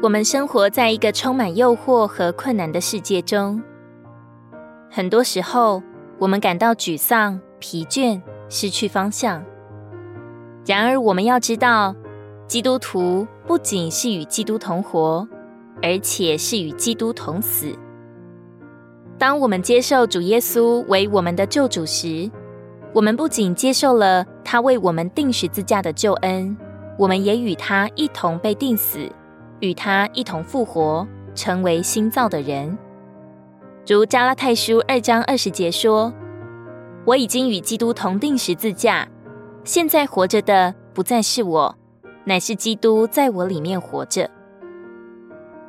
我們生活在一個充滿誘惑和困難的世界中，很多時候我們感到沮喪、疲倦、失去方向。然而，我們要知道，基督徒不僅是與基督同活，而且是與基督同死。當我們接受主耶穌為我們的救主時，我們不僅接受了他為我們釘十字架的救恩，我們也與他一同被釘死。與他一同復活，成為新造的人。如加拉太書二章二十節說：“我已經與基督同釘十字架，現在活着的不再是我，乃是基督在我裡面活着。”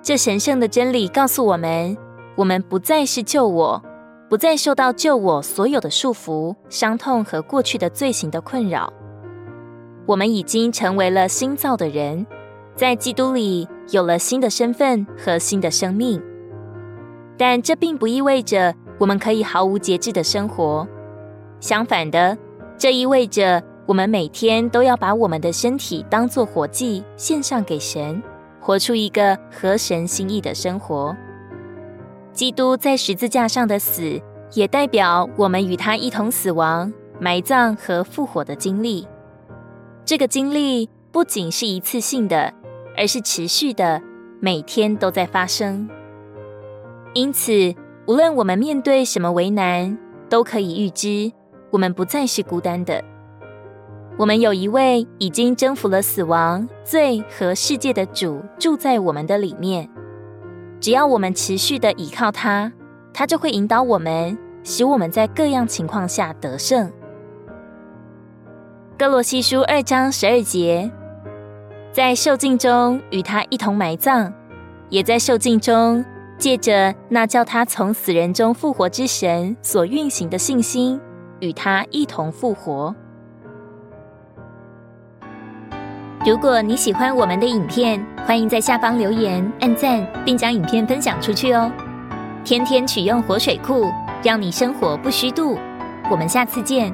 這神聖的真理告訴我們：我們不再是舊我，不再受到舊我所有的束縛、傷痛和過去的罪行的困擾。我們已經成為了新造的人。在基督裡有了新的身份和新的生命，但這並不意味着我們可以毫無節制的生活。相反的，這意味着我們每天都要把我們的身體當作活祭獻上給神，活出一個合神心意的生活。基督在十字架上的死，也代表我們與他一同死亡、埋葬和復活的經歷。這個經歷不僅是一次性的。而是持續的，每天都在發生。因此，無論我們面對什麼為難，都可以預知，我們不再是孤單的。我們有一位已經征服了死亡、罪和世界的主住在我們的裡面。只要我們持續的倚靠他，他就會引導我們，使我們在各樣情況下得勝。歌羅西書二章十二節。在受浸中與他一同埋葬，也在受浸中借着那叫他從死人中復活之神所運行的信心，與他一同復活。如果你喜歡我們的影片，歡迎在下方留言、按讚，並將影片分享出去哦。天天取用活水庫，讓你生活不虛度。我們下次見。